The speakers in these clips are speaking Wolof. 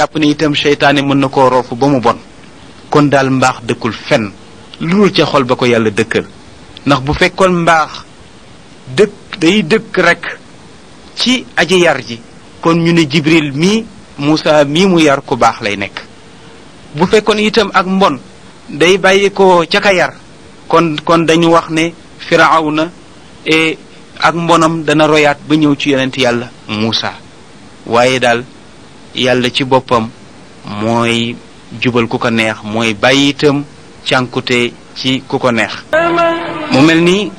jàpp ne itam seytaane mën na koo roofu ba mu bon kon daal mbaax dëkkul fenn lu dul ca xol ba ko yàlla dëkkal ndax bu fekkoon mbaax dëkk dëkk rekk ci aji yar ji kon ñu ne jibril mii Muusa mii mu yar ko baax lay nekk bu fekkoon itam ak mbon day bàyyi ko ca ka yar kon kon dañu wax ne firawna e ak mbonam dana royaat ba ñëw ci yonent yàlla Muusa waaye daal yàlla ci boppam mooy jubal ku ko neex mooy bàyyi itam ci ku ko neex mu mel ni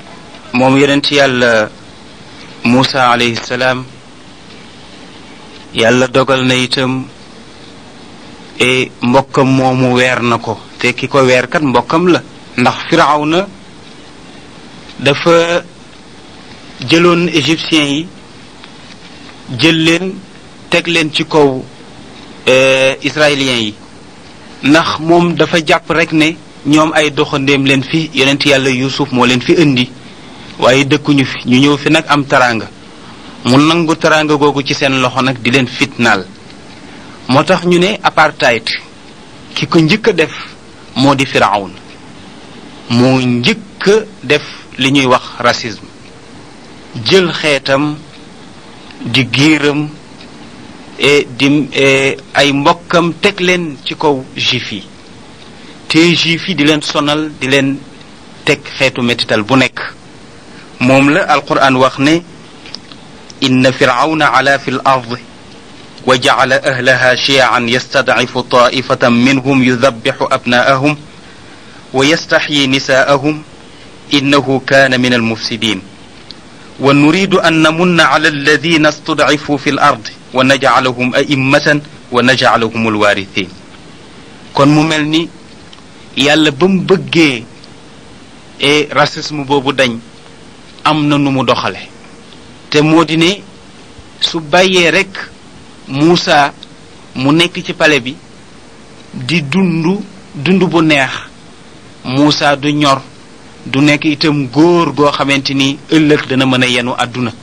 moom yeneen yonent yàlla Muusa alayhi salaam yàlla dogal na itam e mbokkam moomu weer na ko te ki ko weer kat mbokkam la ndax Firawna dafa jëloon égyptiens yi jël leen teg leen ci kaw euh, israéliens yi ndax moom dafa jàpp rek ne ñoom ay doxandéem leen fi yonent yàlla Yuusuf moo leen fi indi waaye dëkkuñu fi ñu ñëw fi nag am taraanga mu nangu taraanga googu ci seen loxo nag di leen fitnaal moo tax ñu ne apartheid ki ko njëkk a def moo di Firawun moo njëkk def li ñuy wax racisme jël xeetam di giiram E di e ay mbokkam teg leen ci kaw juif yi te juif yi di leen sonal di leen teg xeetu métital bu nekk moom la alquran wax ne inna firawna ala fi l ard wa jacala ahlaha chiaan yastadcifu taifatan minhum yudabbixu abnaahum wa yastaxyi nisaahum innahu kaana min almufsidin wa nuridu an namunna ala alladina studcifuu fi l ard wa najcalahum a'immatan wa najcalahum alwarithin kon mu mel ni yàlla ba mu bëggee e racisme boobu dañ am na nu mu doxale te moo di ne su bàyyee rekk Muusa mu nekk ci pale bi di dund dund bu neex muusaa du ñor du nekk itam góor goo xamante ni ëllëg dana mën a yenu àdduna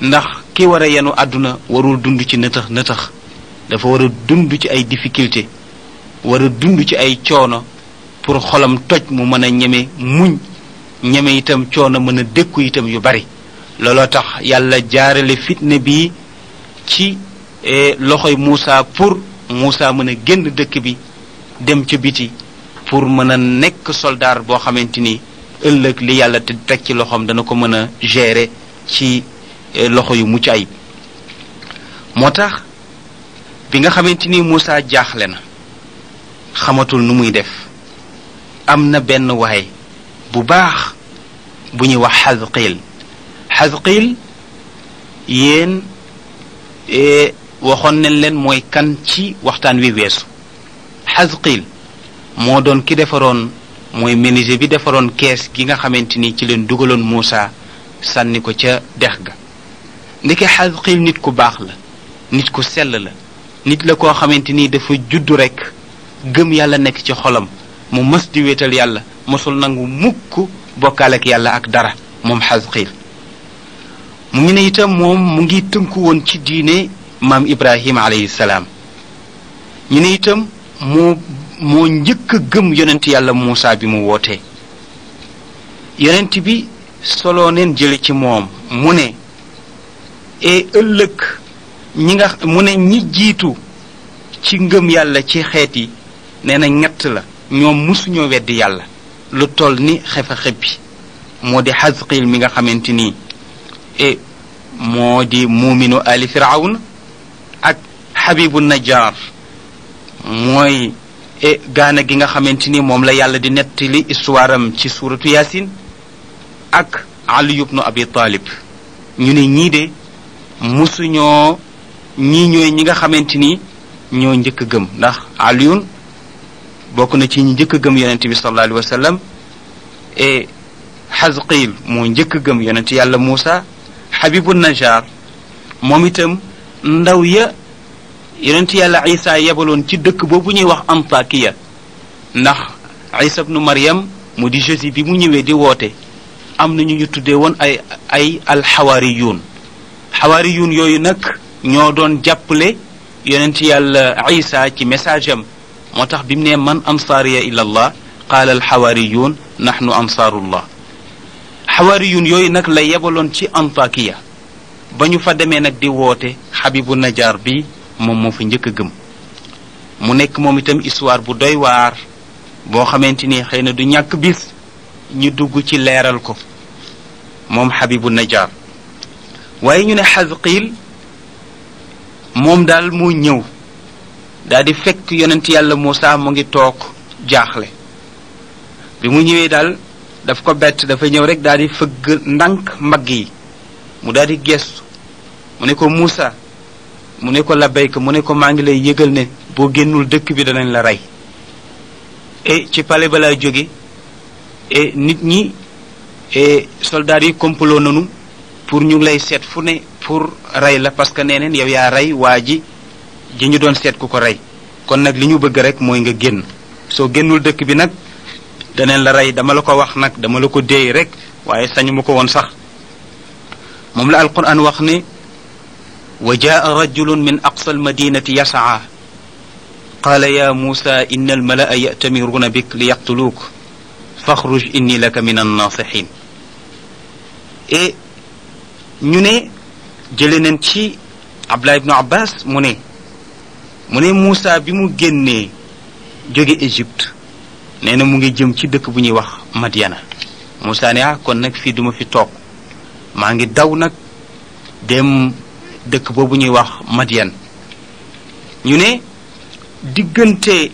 ndax ki war a yenu àdduna warul dund ci nëtëx nëtëx dafa war a dund ci ay difficulté wara a dund ci ay coono pour xolam toj mu mën a ñeme muñ ñeme itam coono mën a dëkku itam yu bari looloo tax yàlla jaarale fitne bi ci e, loxo Moussa pour Moussa mën a génn dëkk bi dem ca biti pour mën a nekk soldaar boo xamante ni ëllëg li yàlla te teg ci loxoom dana ko mën a gérer ci Eh, loxo yu mucc ayib moo tax bi nga xamante ni Moussa jaaxle na xamatul nu muy def am na benn waay bu baax bu ñuy wax xasqiil xasqiil yéen eh, waxoon nañ leen mooy kan ci waxtaan wi weesu xasqiil moo doon ki defaroon mooy menuisier bi defaroon kees gi nga xamante ni ci leen dugaloon Moussa sànni ko ca dex ga ndeke xasqil nit ku baax la nit ku sell la nit la koo xamante ni dafa juddu rekk gëm yàlla nekk ci xolam mu mës di wéetal yàlla mosul nangu mukk bokkaal yàlla ak dara moom xasqil mu ngi ne itam moom mu ngi tënku woon ci diine maam Ibrahima alayhi salaam ñu ne itam moo moo njëkk a gëm yonent yàlla Muusa bi mu woote yonent bi soloo neen jële ci moom mu ne et ëllëg ñi nga mu ne ñi jiitu ci ngëm yàlla ci xeet yi nee na ñett la ñoom musuñoo weddi yàlla lu toll ni xefa xeb bi moo di xasqil mi nga xamante nii e moo di muuminu ali ak xabibu najjar mooy e gaana gi nga xamante ni moom la yàlla di nettali histoire ci suuratu yaasin ak ali ibnu abi ñu ne ñii musuñoo ñi ñooy ñi nga xamante ni ñoo njëkk gëm ndax Alioune bokk na ci njëkk gëm yonent bi sallallahu alayhi wa sallam et moo njëkk a gëm yonent yàlla Moussa Habibu Najaar moom itam ndaw ya yonent yàlla Isa yebaloon ci dëkk boobu ñuy wax Antakiya ndax ay ibnu Maryam mu di Jésus bi mu ñëwee di woote am na ñu ñu tuddee woon ay ay alxawaariyuun xawaariyun yooyu nag ñoo doon jàppale yonent yàlla isa ci message am moo tax bi mu ne man ansaariya ila allah qaala alxawaariyun nahnu ansaarullah xawaariyun yooyu nag la yebaloon ci antakiya ba ñu fa demee nag di woote xabibu najaar bi moom moo fa njëkk a gëm mu nekk moom itam histoire bu doy waar boo xamante ni xëy na du ñàkk bis ñu dugg ci leeral ko moom xabibu najaar waaye ñu ne xasqiil moom daal mu ñëw daldi di fekk yonent yàlla Muusaa mu ngi toog jaaxle bi mu ñëwee daal daf ko bett dafa ñëw rek daal di fëgg ndànk mbagg yi mu daldi di mu ne ko Muusaa mu ne ko labayka mu ne ko maa ngi lay yëgal ne boo génnul dëkk bi danañ la rey e, ci pale ba lay jóge e, nit ñi e soldaar yi kompaloo nanu pour ñu ngi lay seet fu ne pour rey la parce que nee yow yaa rey waa ji ji ñu doon seet ku ko rey kon nag li ñu bëgg rek mooy nga génn soo génnul dëkk bi nag daneen la rey dama la ko wax nag dama la ko déey rek waaye sañu ma ko woon sax moom la alquran wax ni wa jaa rajulun min aqsa almadinati yasaa qaala ya muusa inna almalaa yatamiruuna bik li yaqtuluuk faxruj inni laka min annaasihin eh, ñu ne jële nañ ci Abdullah ibnu Abbas mu ne mu ne Moussa bi mu génnee jóge Égypte nee na mu ngi jëm ci dëkk bu ñuy wax Madiana Moussa ne ah kon nag fii duma fi toog maa ngi daw nag dem dëkk boobu ñuy wax Madian ñu ne diggante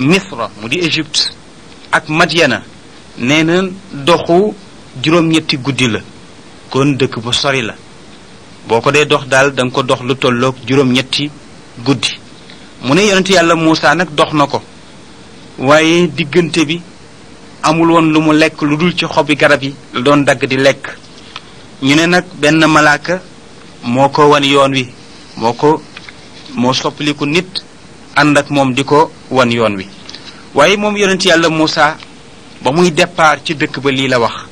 Misra mu di Égypte ak Madiana nee na doxu juróom-ñetti guddi la dëkkoon dëkk bu sori la boo ko dee dox daal da ko dox lu tollook juróom-ñetti guddi mu ne yonent yàlla Muusaa nag dox na ko waaye diggante bi amul woon lu mu lekk lu dul ci xobi garab yi la doon dagg di lekk ñu ne nag benn malaaka moo ko wan yoon wi moo ko moo soppaliku nit ànd ak moom di ko wan yoon wi waaye moom yonent yàlla Muusaa ba muy départ ci dëkk ba lii la wax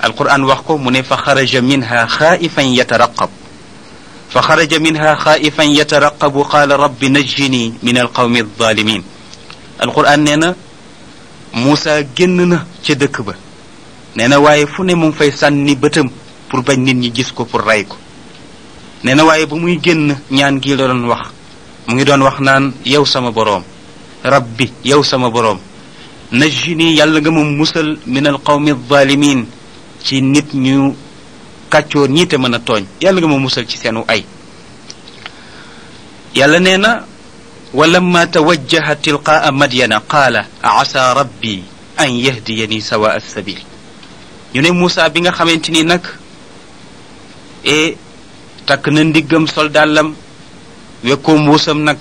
alquran wax ko mu ne fa xaraja minha xaaifan yataraqab fa xaraja minha xaaifan yataraqabu qaala rabbi najjini min alqawmi alzaalimin alquran nee na Muusa génn na ca dëkk ba nee na waaye fu ne mu ngi fay sànni bëtam pour bañ nit ñi gis ko pour rey ko nee na waaye bu muy génn ñaan gi doon wax mu ngi doon wax naan yow sama boroom rabbi yow sama boroom najjini yàlla nga ma musal min alqawmi alzaalimin ci nit ñu kàccoor ñi te mën a tooñ yàlla nga ma musal ci seenu ay yàlla nee na walamma tawajjaha tilqaa madyana qaala asa rabbi an yahdiyani sawa alsabil ñu ne Moussa bi nga xamante ni nag e takk na ndiggam sol dàllam wekkoo mbuusam nag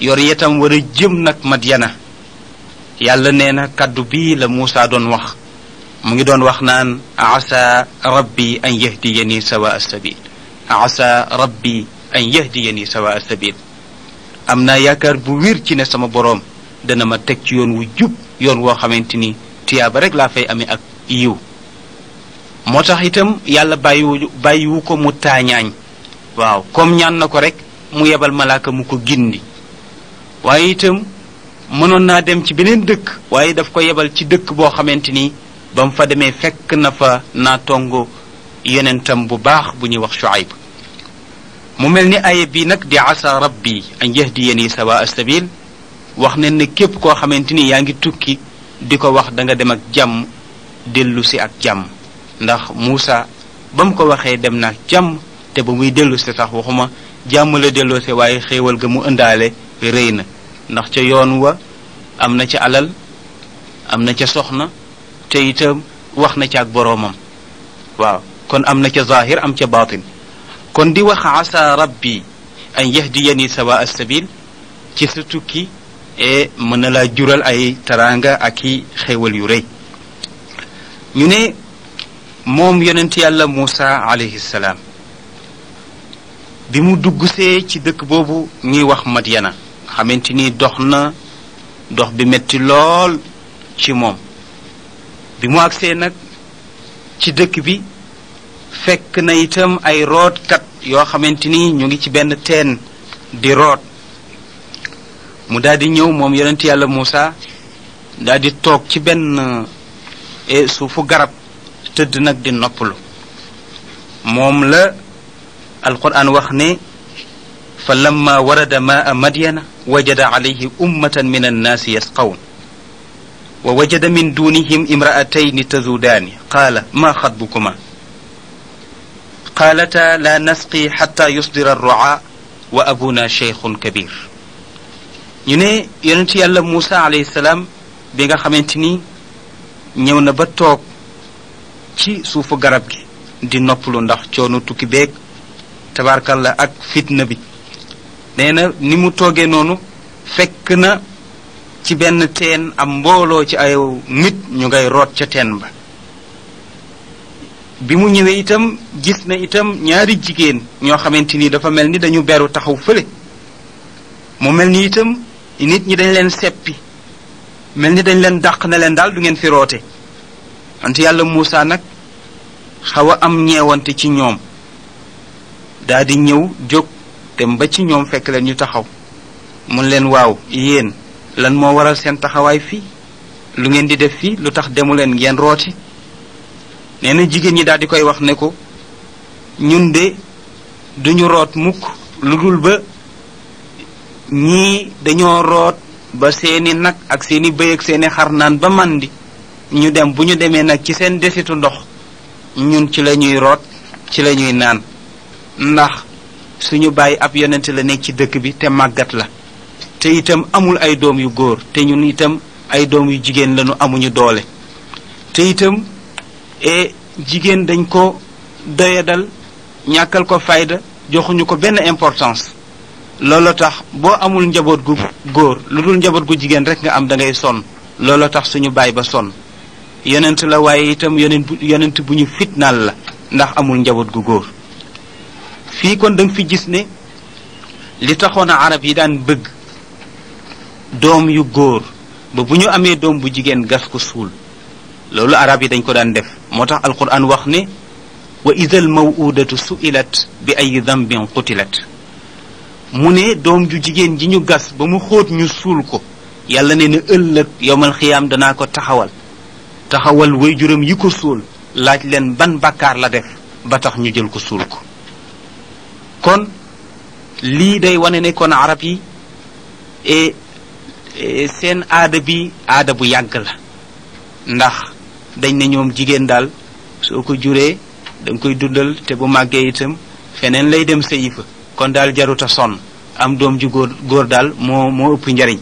yor yetam war jëm nag madyana yàlla nee na kàddu bi la muusaa doon wax mu ngi doon wax naan bi asa rabbi an yahdiyani sawa bi asa rabbi an yahdiyani sawa sabil am na yaakaar bu wér ci ne sama boroom dana ma teg ci yoon wu jub yoon woo xamante ni tiyaaba rek laa fay amee ak yiw moo tax itam yàlla bàyyiwu bàyyiwu ko mu taañaañ waaw comme ñaan na ko rek mu yebal malaaka mu ko gindi waaye itam mënoon naa dem ci beneen dëkk waaye daf ko yebal ci dëkk boo xamante ni ba mu fa demee fekk na fa naatongo yonentam bu baax bu ñuy wax Shuayb mu mel ni aaya bii nag di asa rabbi an yahdiyani sawa sabil wax ne ne képp koo xamante ni yaa ngi tukki di ko wax danga dem ak jàmm dellu si ak jàmm ndax Muusa ba mu ko waxee dem na ak jàmm te ba muy dellu si sax waxuma jàmm la delloo si waaye xéewal ga mu ëndaale rëy na ndax ca yoon wa am na ca alal am na ca soxna te wax na ca ak boroomam waaw kon am na ca zahir am ca baatin kon di wax asa rabbi an yahdiyani sawa as-sabil ci sa tukki e mën na laa jural ay taraanga ak i xéewal yu rëy ñu ne moom yonent yàlla Muusa alayhi salaam bi mu duggsee ci dëkk boobu ngi wax mat yena xamante ni dox na dox bi metti lool ci moom bi mu agsee nag ci dëkk bi fekk na itam ay rootkat yoo xamante ni ñu ngi ci benn teen di root mu daldi ñëw moom yonent yàlla Muusa daldi toog ci benn e, suufu garab tëdd nag di noppalu moom la alquran wax ne fa lamma warada maa madyana wajada alayhi meneen min annaasi yasqawun wa wajada min duunihim imra'atayni tazudaani qaala maa xatbukuma qaalataa laa nasqi xatta yusdira arroa wa abuna cheikhun kabir ñu ne ci yàlla Muusa alayhi salaam bi nga xamante ni ñëw na ba toog ci suufu garab gi di noppalu ndax coono tukki beeg la ak fitna bi nee na ni mu toogee noonu fekk na ci benn teen am mbooloo ci ay nit ñu ngay root ca teen ba bi mu ñëwee itam gis na itam ñaari jigéen ñoo xamante ni dafa mel ni dañu beru taxaw fële mu mel ni itam nit ñi dañ leen seppi mel ni dañ leen dàq na leen daal du ngeen fi roote wante yàlla Muusaa nag xaw a am ñeewante ci ñoom daldi ñëw jóg dem ba ci ñoom fekk leen ñu taxaw mun leen waaw yéen lan moo waral seen taxawaay fii lu ngeen di def fii lu tax demu leen ngeen rooti nee na jigéen ñi daal di koy wax ne ko ñun de duñu root mukk lu dul ba ñii dañoo root ba seeni nag ak seeni bëy ak seeni xar naan ba màndi ñu dem bu ñu demee nag ci seen desitu ndox ñun ci la ñuy root ci la ñuy naan ndax suñu bàyyi ab yonent la nekk ci dëkk bi te màggat la te itam amul ay doom yu góor te ñun itam ay doom yu jigéen lañu amuñu doole te itam e jigéen dañ ko doyadal ñàkkal ko fayda joxuñu ko benn importance looloo tax boo amul njaboot gu góor lu dul njaboot gu jigéen rek nga am da ngay sonn looloo tax suñu baay ba sonn yonent la waaye itam yonent bu ñu fit ñu la ndax amul njaboot gu góor fii kon da fi gis ne li taxoon a arab yi daan bëgg doom yu góor ba bu ñu amee doom bu jigéen gas ko suul loolu arab yi dañ ko daan def moo tax alquran wax ne wa idal mawuudatu suilat bi ay dambin qutilat mu ne doom ju jigéen ji ñu gas ba mu xóot ñu suul ko yàlla ne na ëllëg yowmal xiyaam danaa ko taxawal taxawal way juróom yi ko suul laaj leen ban bàkkaar la def ba tax ñu jël ko suul ko kon lii day wane ne arab yi Eh, seen aada bi aada bu yàgg la ndax dañ ne ñoom jigéen daal soo ko juree da koy dundal te bu màggee itam feneen lay dem sëyi kon daal jaruta sonn am doom ju góor góor daal moo ëpp njariñ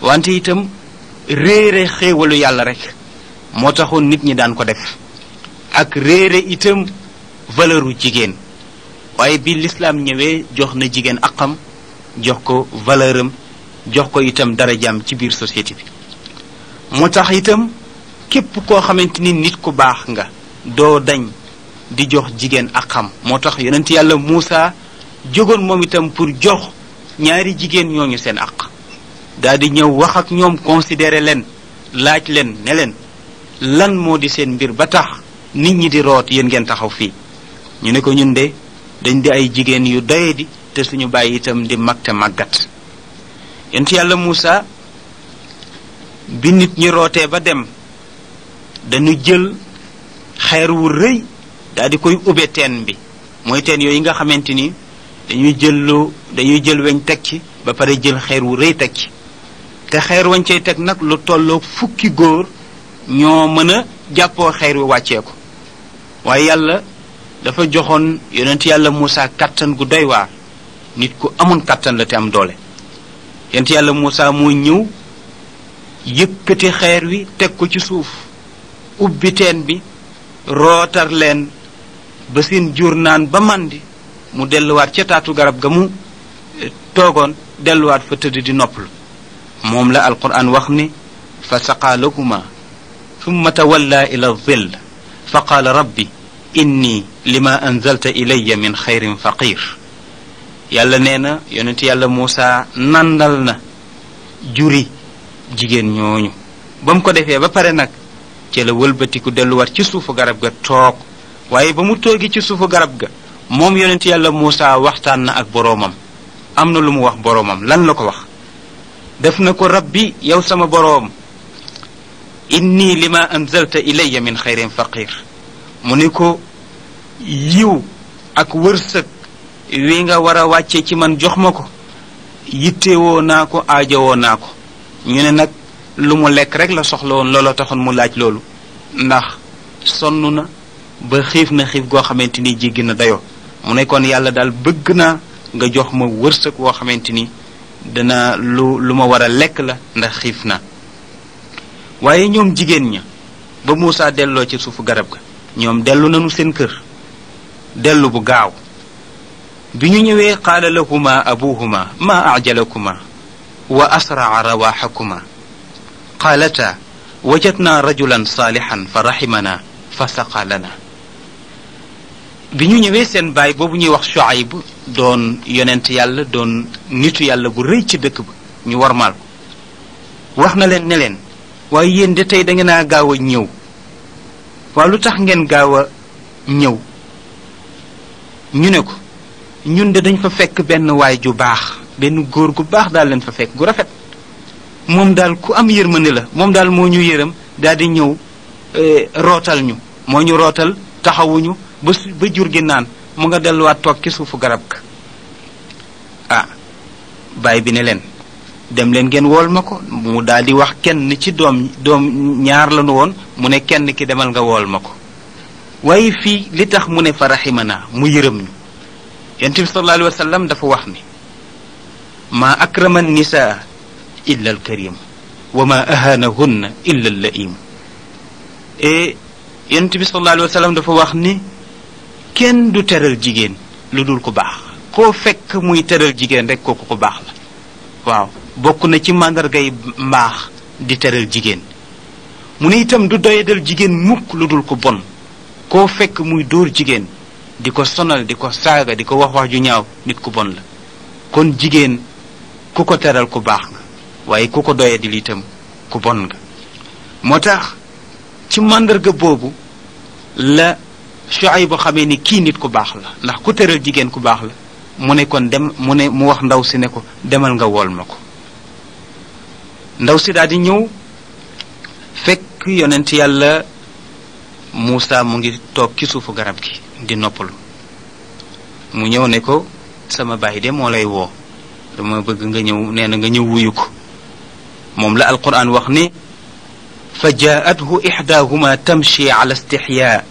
wante itam réere xéewalu yàlla rek moo taxoon nit ñi daan ko def ak réere itam valeuru jigéen waaye bi lislaam ñëwee jox na jigéen aqam jox ko valeuram jox ko itam dara darajaam ci biir société bi moo tax itam képp koo xamante ni nit ku baax nga doo dañ di jox jigéen ak xam moo tax yonent yàlla Muusa jógoon moom itam pour jox ñaari jigéen ñoo ñooñu seen àq daal di ñëw wax ak ñoom considéré leen laaj leen ne leen lan moo di seen mbir ba tax nit ñi di root yéen ngeen taxaw fii ñu ne ko ñun de dañ di ay jigéen yu doye di te suñu bàyyi itam di mag te màggat yent yàlla Muusa bi nit ñi rootee ba dem dañu jël xeer wu rëy daal koy ubbe teen bi mooy teen yooyu nga xamante ni dañuy jël lu dañuy jël weñ teg ci ba pare jël xeer wu rëy teg ci te xeer wañ cay teg nag lu tollook fukki góor ñoo mën a jàppoo xeer wi wàccee ko waaye yàlla dafa joxoon yonent yàlla Muusa kàttan gu doy waar nit ku amoon kàttan la te am doole yent yàlla Moussa muy ñëw yëkkati xeer wi teg ko ci suuf ubbi bi rootar leen ba seen jur naan ba màndi mu delluwaat ca taatu garab ga mu eh, toogoon delluwaat fa tëdd di nopplu moom la alquran wax ni fa saqaa lahuma thumma tawalla ila zill fa qaala rabbi inni lima anzalta ilayya min xayrin faqir yàlla nee na yonent yàlla Muusa nandal na juri jigéen ñooñu ba mu ko defee ba pare nag ci la wëlbatiku delluwaat ci suufu garab ga toog waaye ba mu toogi ci suufu garab ga moom yonent yàlla Muusa waxtaan na ak boroomam am na lu mu wax boroomam lan la ko wax def na ko rab bi yow sama boroom inni lima anzalta ilayya min xayrin faqir mu ni ko yiw ak wërsëg wii nga war a wàcce ci man jox ma ko yittewoo naa ko aajowoo naa ko ñu ne nag lu mu lekk rek la soxla woon looloo taxoon mu laaj loolu ndax sonn na ba xiif na xiif goo xamante ni jéggi na dayoo mu nekkoon yàlla daal bëgg naa nga jox ma wërsëg woo xamante ni dana lu lu ma war a lekk la ndax xiif na waaye ñoom jigéen ña ba Moussa delloo ci suufu garab ga ñoom dellu nañu seen kër dellu bu gaaw bi ñu ñëwee qaala lahuma abuhuma ma ajalakuma wa asraa rawaxakuma wajat na rajulan saalixan fa raximana fa saqa lana bi ñu ñëwee seen baay boobu ñuy wax Shuayb doon yonent yàlla doon nitu yàlla bu rëy ci dëkk ba ñu warmaal ko wax na leen ne leen waaye yéen de tey da gaaw a ñëw waaw lu tax ngeen gaaw a ñëw ñu ne ko ñun de dañ fa fekk benn waay ju baax benn góor gu baax daal leen fa fekk gu rafet moom daal ku am ni la moom daal moo ñu yërëm daal di ñëw eh, rootal ñu moo ñu rootal taxawuñu ba ba jur gi naan mu nga delluwaat toog ci suufu garab ga ah baay bi ne leen dem leen ngeen wool ma ko mu daal di wax kenn ci doom doom ñaar la woon mu ne kenn ki demal nga wool ma ko waaye fii li tax mu ne fa ma naa mu yërëm ñu yonent bi sallallahu alayhi dafa wax ni maa akrama nisaa illa al karim wa maa ahanahunna illa al laim et yonent bi sallallahu alayhi dafa wax ni kenn du teral jigéen lu dul ko baax koo fekk muy teral jigéen rek kooku ko baax la waaw bokk na ci màndargay mbaax di teral jigéen mu ne itam du doyadal jigéen mukk lu dul ko bon koo fekk muy dóor jigéen di ko sonal di ko saaga di ko wax wax ju ñaaw nit ku bon la kon jigéen ku ko teral ku baax nga waaye ku ko doye di liitam ku bon nga moo tax ci màndarga boobu la Shuayb bu xamee ni kii nit ku baax la ndax ku tëral jigéen ku baax la mu ne kon dem mu ne mu wax ndaw si ne ko demal nga wool ma ko ndaw si daal di ñëw fekk yonent yàlla Muusa mu ngi toog ci suufu garab gi di noppalu mu ñëw ne ko sama baay de moo lay woo dama bëgg nga ñëw nee na nga ñëw wuyu ko moom la alquran wax ni fa jaathu ixdaahuma tamshi ala istixyaa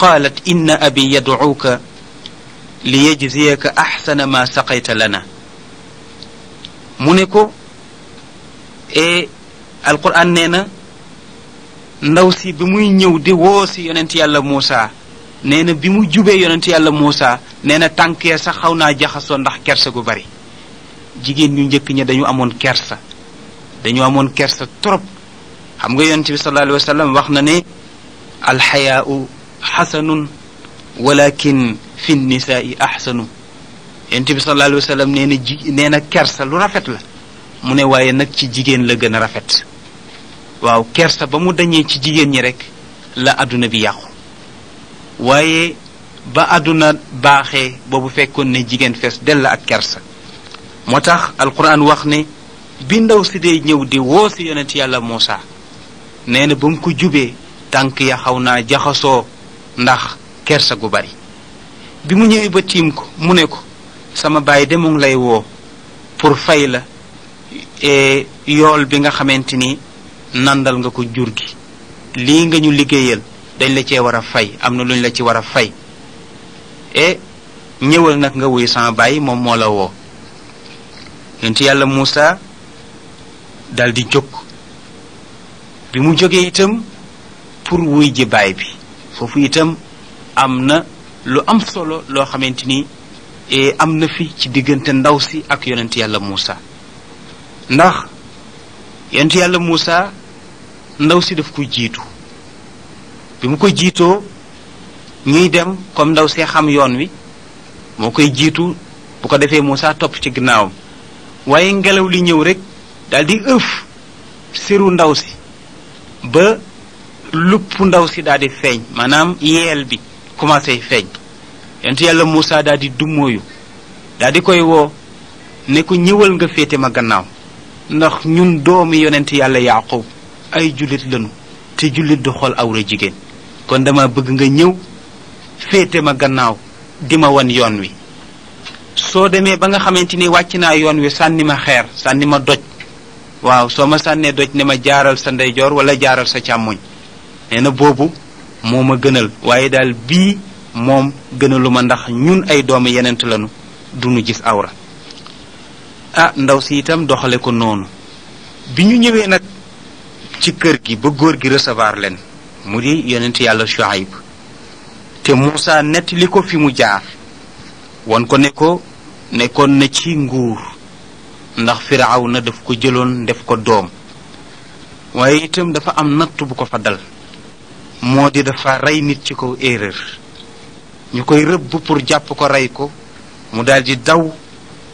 qaalat inna abi yadcuuka li yajziyaka ma saqayta lana mu ne ko e alquran nee na ndaw si bi muy ñëw di woo si yonent yàlla Muusa nee na bi mu jubee yonent yàlla Muusa nee na tànk ya sax xaw naa jaxasoo ndax kersa gu bari jigéen ñu njëkk ña dañu amoon kersa dañu amoon kersa trop xam nga yonent bi sallallahu alayhi wa wax na ne alxayaau xasanun walakin fi nisaai axsanu yonent bi sallallahu alayhi nee na ji nee na kersa lu rafet la mu ne waaye nag ci jigéen la gën a rafet waaw kersa ba mu dañee ci jigéen ñi rek la àdduna bi yàqu waaye ba àdduna baaxee boobu fekkoon ne jigéen fees dell ak kersa moo tax alxuraan wax ne bi ndaw si dee ñëw di woo si yonent yàlla Muusa nee na ba mu ko jubee tànk ya xaw naa jaxasoo ndax kersa gu bari bi mu ñëwee ba tiim ko mu ne ko sama baay de lay woo pour fay la e, yool bi nga xamante ni nandal nga ko jur gi lii nga ñu liggéeyal dañ la cee war a fay am na luñ la ci war a fay e ñëwal nag nga wuy sama bàyyi moom moo la woo yonent yàlla Muusa daldi di jóg bi mu jógee itam pour wuy ji baay bi foofu itam am na lu am solo loo xamante ni e am na fi ci diggante ndaw si ak yonent yàlla Muusa ndax yonent yàlla Muusa ndaw si daf ko jiitu bi mu ko jiitoo ñuy dem comme ndaw see xam yoon wi moo koy jiitu bu ko defee Moussa topp ci ginnaawam waaye ngelaw li ñëw rek daal di ëf siru ndaw si ba lupp ndaw si daal di feeñ maanaam yeel bi commencé feeñ yonent yàlla Moussa daal di dummóoyu daal di koy woo ne ko ñëwal nga féete ma gannaaw ndax ñun doomi yonent yàlla Yaaqub ay jullit lañu te jullit du xool awra jigéen kon dama bëgg nga ñëw féete ma gannaaw di ma wan yoon wi soo demee ba nga xamante ni wàcc naa yoon wi sànni ma xeer sànni ma doj waaw soo ma sànnee doj ne ma jaaral sa ndeyjoor wala jaaral sa càmmoñ nee na boobu moo ma gënal waaye daal bii moom gënalu ma ndax ñun ay doomu yeneentu lañu duñu gis awra a ah, ndaw si itam doxale ko noonu bi ñu ñëwee nag ci kër gi ba góor gi recevoir leen mu di yonent yàlla Shuaib te Moussa nettali ko fi mu jaar wan ko ne ko nekkoon na ci nguur ndax firaaw na daf ko jëloon def ko doom waaye itam dafa am natt bu ko fa dal moo di dafa rey nit ci kaw erreur ñu koy rëbb pour jàpp ko rey ko mu daldi daw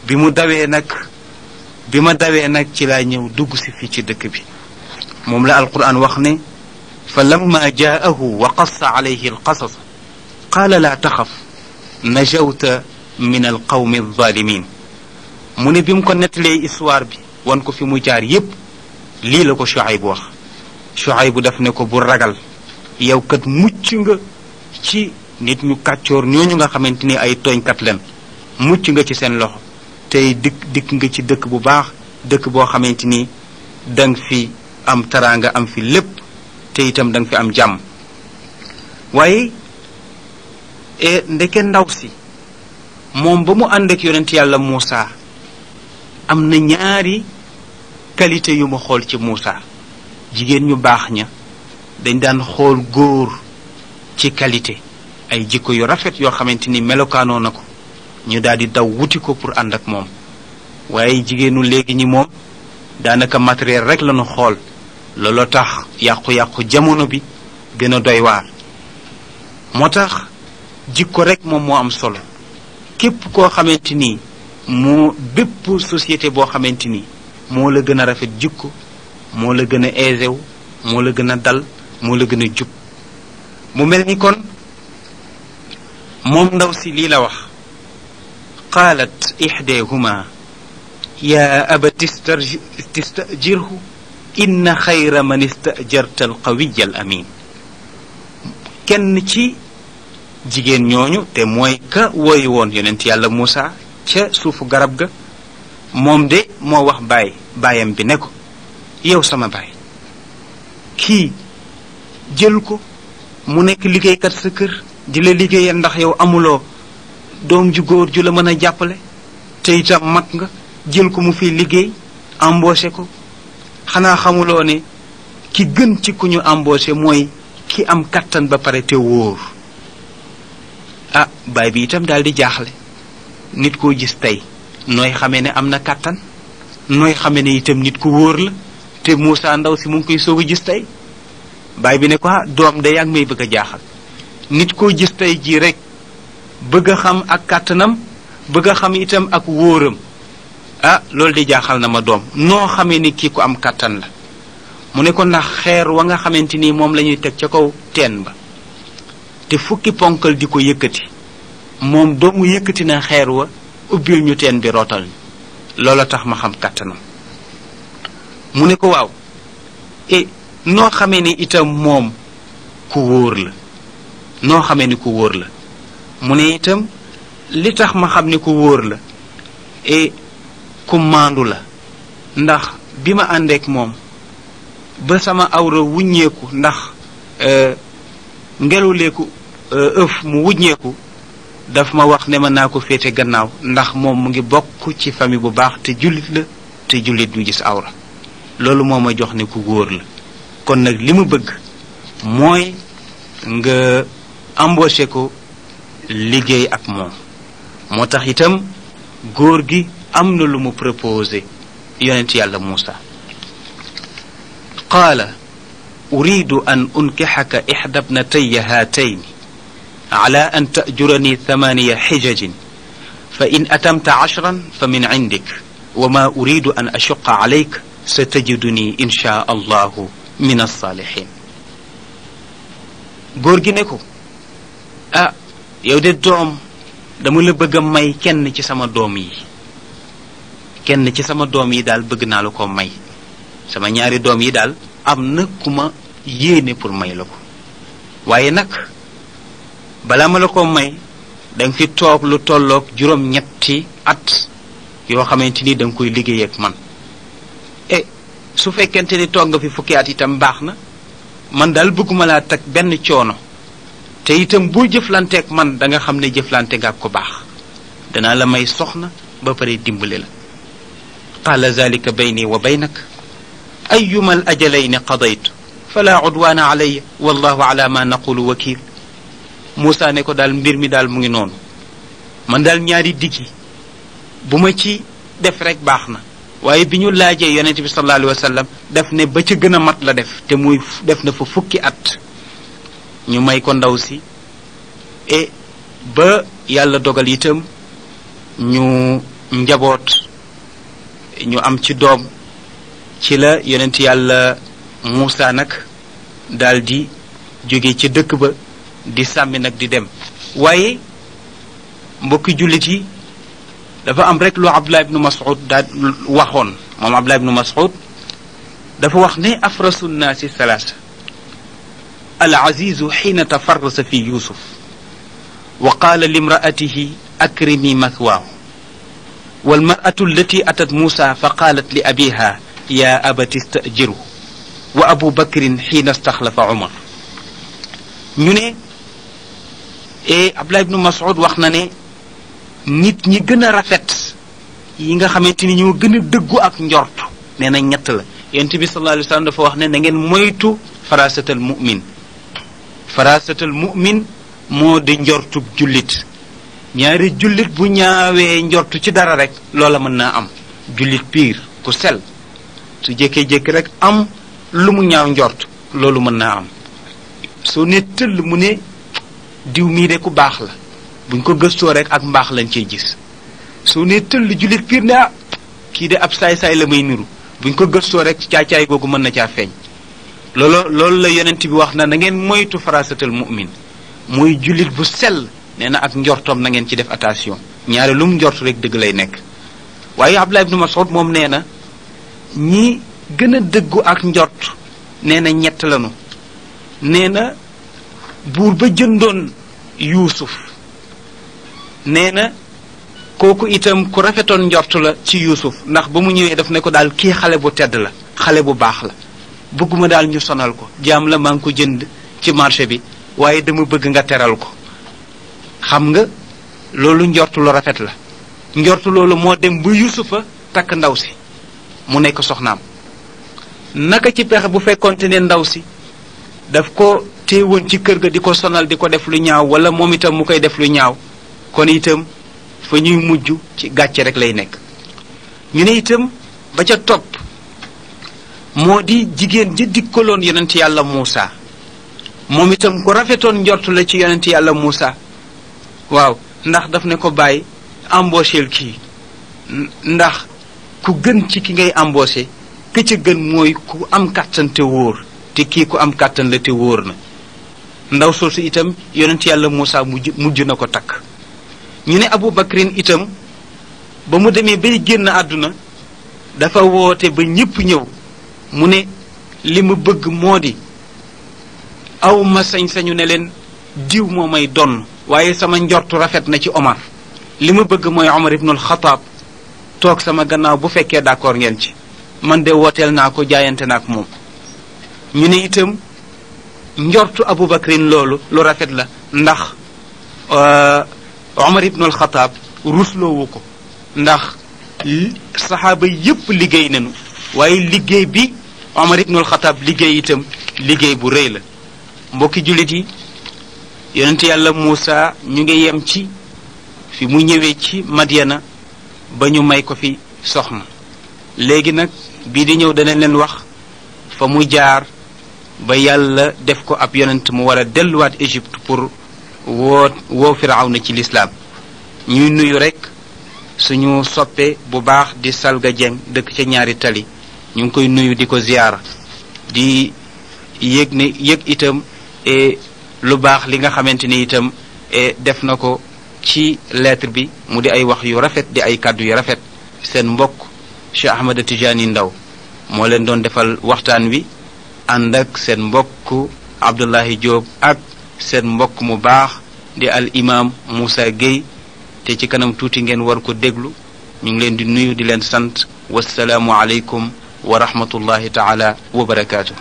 bi mu dawee nag bi ma dawee nag ci laa ñëw dugg si fii ci dëkk bi moom la alquran wax ne fa lamma jaahu wa qassa alayhi alqasas qaala laa taxaf najawta min alqawmi alzalimin mu ne bi mu ko nettalee histoire bi wan ko fi mu jaar yépp lii la ko Shuayb bu wax Shuayb bu daf ne ko bu ragal yow kat mucc nga ci nit ñu kàccoor ñooñu nga xamante ni ay tooñkat leen mucc nga ci seen loxo tey dikk dikk nga ci dëkk bu baax dëkk boo xamante ni danga fi am taraanga am fi lépp te itam da nga fi am jàmm waaye e, ndeke ndaw si moom ba mu ànd ak yonent yàlla Moussa am na ñaari qualité yu ma xool ci Moussa jigéen ñu baax ña dañ daan xool góor ci qualité ay jikko yu rafet yoo xamante ni melokaanoo na ko ñu daal di daw wuti ko pour ànd ak moom waaye jigéenu léegi ñi moom daanaka matériel rek lañu xool looloo tax yàqu-yàqu jamono bi gën a doy waar moo tax jikko rek moom moo am solo képp koo xamante ni moo bépp société boo xamante ni moo la gën a rafet jikko moo la gën a aisé wu moo la gën a dal moo la gën a jub mu mel ni kon moom ndaw si lii la wax qaalat ixdeehuma yaa abati istajirhu inna xayra man istajarta al amin kenn ci jigéen ñooñu te mooy ka wooyu woon yonent yàlla Muusa ca suufu garab ga moom de moo wax baay baayam bi ne ko yow sama baay kii jël ko mu nekk liggéeykat sa kër di la liggéeyal ndax yow amuloo doom ju góor ju la mën a jàppale tey itam mag nga jël ko mu fiy liggéey embauché ko xanaa xamuloo ne ki gën ci ku ñu embauché mooy ki am kàttan ba pare te wóor ah baay bi itam daal di jaaxle nit koo gis tey nooy xame ne am na kàttan nooy xamee ne itam nit ku wóor la te Moussa Ndaw si mu ngi koy soog a gis tey baay bi ne ko ah, doom de yaa ngi may bëgg a jaaxal nit koo gis tey jii rek bëgg a xam ak kattanam bëgg a xam itam ak wóoram ah loolu di jaaxal na ma doom noo xamee ni kii ku am kàttan la mu ne ko ndax xeer wa nga xamante ni moom la ñuy teg ca kaw teen ba te fukki ponkal di ko yëkkati moom doomu yëkkati na xeer wa ubbil ñu teen bi rootal ñu loola tax ma xam kàttanam mu ne ko waaw e noo xamee ni itam moom ku wóor la noo xamee ni ku wóor la mu ne itam li tax ma xam ni ku wóor la eh, ku maandu la ndax bi ma àndeek moom ba sama awra wuññeeku ndax e, ngeluleeku e, ëf mu wuññeeku daf ma wax ne ma naa ko féete gannaaw ndax moom mu ngi bokk ci famille bu baax te jullit la te jullit ñu gis awra loolu moo ma jox ne ku góor la kon nag li mu bëgg mooy nga embauché ko liggéey ak moom moo tax itam góor gi am na lu mu proposé yonent yàlla Muusa qaala uridu an unkixaka ixda bnataya haatayn ala an taajurani thamaniya xijajin fa in atamta ashran fa min cindik wa ma uridu an ashuqa calayk satajiduni insha allahu min alsaalixin góor gi ne ko ah yow de doom dama la bëgg a may kenn ci sama doom yi kenn ci sama doom yi daal bëgg naa la ko may sama ñaari doom yi daal am na ku ma yéene pour may la ko waaye nag balaa ma la ko may danga fi toog lu tollook juróom-ñetti at yoo xamante ni danga koy liggéey man e su fekkente ni toog nga fi fukki at itam baax na man daal bëgguma laa teg benn coono te itam boo jëflanteek man danga xam ne jëflante nga ak ko baax danaa la may soxna ba pare dimbale la qaala zalika bayni wa baynak ayuma al ajalayni qadaytu fala udwaana alayya wallahu ala ma naqulu wakil Moussa ne ko daal mbir mi daal mu ngi noonu man daal ñaari diggi bu ma ci def rek baax na waaye bi ñu laajee yonente bi sallallahu alayhi wa sallam daf ne ba ca gën mat la def te muy def na fa fukki at ñu may ko ndaw si et ba yàlla dogal itam ñu njaboot ñu am ci doom ci la yonent yàlla Muusa nag daal di jóge ci dëkk ba di sàmmi nag di dem waaye mbokki jullit yi dafa am rek lu Abdullah ibnu Mas'ud daal waxoon dafa wax ne afrasu nnaasi salaasa al azizu xiina tafarrasa fi yusuf wa qaala limraatihi akrimi mathwaahu والمرأة التي أتت موسى فقالت لأبيها يا أبت استأجره وأبو بكر حين استخلف عمر ñu ne e Abdullah ibnu Mas'ud wax na ne nit ñi gën a rafet yi nga xamante ni ñoo gën a dëggu ak njort nee na ñett la yonent bi sallallahu alayhi dafa wax ne na ngeen moytu farasatal mu'min farasatal mu'min moo di njortub jullit ñaari jullit bu ñaawee njort ci dara rek loola mën naa am jullit piir ku sel su jékkee-jékki rek am lu mu ñaaw njort loolu mën naa am soo ne tëll mu ne diw mii de ku baax la buñ ko gëstoo rek ak mbaax lañ cee gis soo ne tëll jullit piir ne ah kii de ab saay-saay la may niru buñ ko gëstoo rek caacaay googu mën na caa feeñ loolu loolu la yonent bi wax na na ngeen moytu farasatal mu'min mooy jullit bu sel nee na ak njortoom na ngeen ci def attention ñaare lum mu njort rek dëgg lay nekk waaye Abdullah ma Mas'ud moom nee na ñi gën a dëggu ak njort nee na ñett lanu nee na buur ba jëndoon yuusuf nee na kooku itam ku rafetoon njort la ci yuusuf ndax ba mu ñëwee daf ne ko daal kii xale bu tedd la xale bu baax la bëgguma daal ñu sonal ko jaam la maa ngi ko jënd ci marché bi waaye dama bëgg nga teral ko xam nga loolu njortu lu rafet la njortu loolu moo dem bu yusufa takk ndaw si mu nekk soxnaam naka ci pexe bu fekkonte ne ndaw si daf ko téewoon ci kër ga di ko sonal di ko def lu ñaaw wala moom itam mu koy def lu ñaaw kon itam fa ñuy mujj ci gàcce rek lay nekk ñu ne itam ba ca topp moo di jigéen ja dikkaloon yonent yàlla Muusa moom itam ku rafetoon njort la ci yonent yàlla Muusa waaw ndax daf ne ko bàyyi embaucheel kii ndax ku gën ci ki ngay embauché ki ca gën mooy ku am kàttan te wóor te kii ku am kàttan la te wóor na ndaw soosu itam yonent yàlla Moussa mujj mujj na ko takk ñu ne Abu Bakrin itam ba mu demee bay génn àdduna dafa woote ba ñépp ñëw mu ne li mu bëgg moo di awma sañ-sañu ne leen diw moo may donn waaye sama njortu rafet na ci Omar li ma bëgg mooy Omar ibnul Xataab toog sama gannaaw bu fekkee d'accord ngeen ci man de wooteel naa ko jaayante na ak moom ñu ne itam njortu Aboubacrin loolu lu rafet la ndax euh, Omar ibnul Xataab rusloowu ko ndax saxaaba yépp liggéey nañu waaye liggéey bi Omar ibnul Xataab liggéey itam liggéey bu rëy la mbokki jullit yi yonent yàlla Muusa ñu ngi yem ci fi mu ñëwee ci Madyana ba ñu may ko fi soxna léegi nag bii di ñëw danañ leen wax fa mu jaar ba yàlla def ko ab yonent mu war delluwaat Égypte pour woo woo na ci lislaam ñuy nuyu rekk suñu soppe bu baax di Salga Dieng dëkk ca ñaari tali ñu ngi koy nuyu di ko ziyaara di yëg ne yëg itam lu baax li nga xamante ni itam e, def na ko ci lettre bi mu di ay wax yu rafet di ay kàddu yu rafet seen mbokk Cheikh Ahmada Tidiane Ndaw moo leen doon defal waxtaan wi ànd ak seen mbokk Abdullahi Diop ak seen mbokk mu baax di al imaam Moussa Gueye te ci kanam tuuti ngeen war ko déglu ñu ngi leen di nuyu di leen sant wasalaamu aleykum wa rahmatullahi taala wa barakaatu.